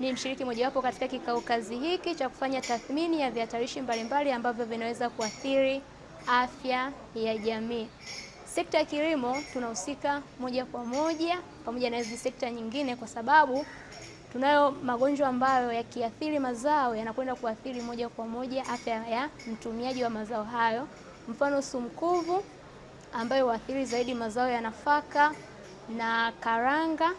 ni mshiriki mojawapo katika kikao kazi hiki cha kufanya tathmini ya vihatarishi mbalimbali ambavyo vinaweza kuathiri afya ya jamii. Sekta ya kilimo tunahusika moja kwa moja pamoja na hizi sekta nyingine, kwa sababu tunayo magonjwa ambayo yakiathiri mazao yanakwenda kuathiri moja kwa moja afya ya mtumiaji wa mazao hayo, mfano sumkuvu ambayo huathiri zaidi mazao ya nafaka na karanga.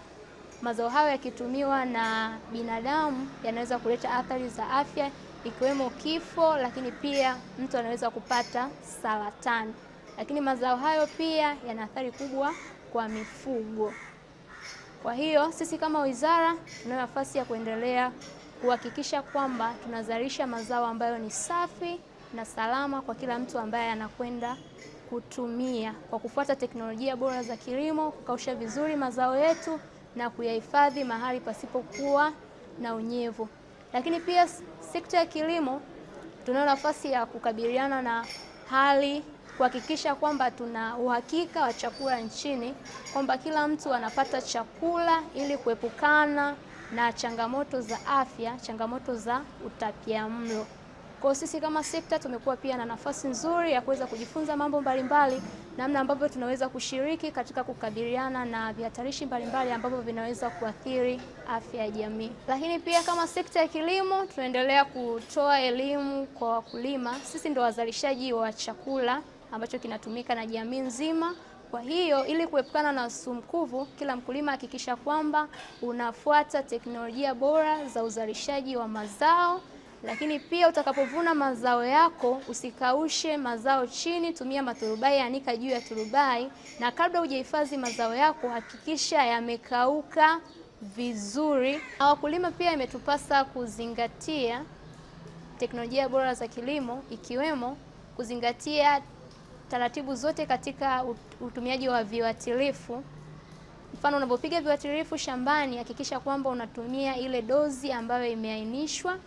Mazao hayo yakitumiwa na binadamu yanaweza kuleta athari za afya ikiwemo kifo, lakini pia mtu anaweza kupata saratani. Lakini mazao hayo pia yana athari kubwa kwa mifugo. Kwa hiyo sisi kama wizara tunayo nafasi ya kuendelea kuhakikisha kwamba tunazalisha mazao ambayo ni safi na salama kwa kila mtu ambaye anakwenda kutumia, kwa kufuata teknolojia bora za kilimo, kukausha vizuri mazao yetu na kuyahifadhi mahali pasipokuwa na unyevu. Lakini pia sekta ya kilimo tunayo nafasi ya kukabiliana na hali, kuhakikisha kwamba tuna uhakika wa chakula nchini, kwamba kila mtu anapata chakula ili kuepukana na changamoto za afya, changamoto za utapiamlo. Kwa sisi kama sekta tumekuwa pia na nafasi nzuri ya kuweza kujifunza mambo mbalimbali, namna ambavyo tunaweza kushiriki katika kukabiliana na vihatarishi mbalimbali ambavyo vinaweza kuathiri afya ya jamii. Lakini pia kama sekta ya kilimo tunaendelea kutoa elimu kwa wakulima. Sisi ndio wazalishaji wa chakula ambacho kinatumika na jamii nzima. Kwa hiyo ili kuepukana na sumkuvu, kila mkulima hakikisha kwamba unafuata teknolojia bora za uzalishaji wa mazao lakini pia utakapovuna mazao yako usikaushe mazao chini, tumia maturubai, anika juu ya turubai, na kabla hujahifadhi mazao yako hakikisha yamekauka vizuri. Na wakulima pia imetupasa kuzingatia teknolojia bora za kilimo ikiwemo kuzingatia taratibu zote katika utumiaji wa viuatilifu. Mfano, unapopiga viuatilifu shambani hakikisha kwamba unatumia ile dozi ambayo imeainishwa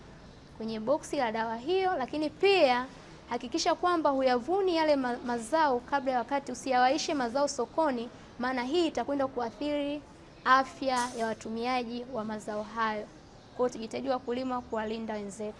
kwenye boksi la dawa hiyo, lakini pia hakikisha kwamba huyavuni yale ma mazao kabla ya wakati, usiyawaishe mazao sokoni, maana hii itakwenda kuathiri afya ya watumiaji wa mazao hayo. Kwa hiyo tujitahidi wakulima kuwalinda wenzetu.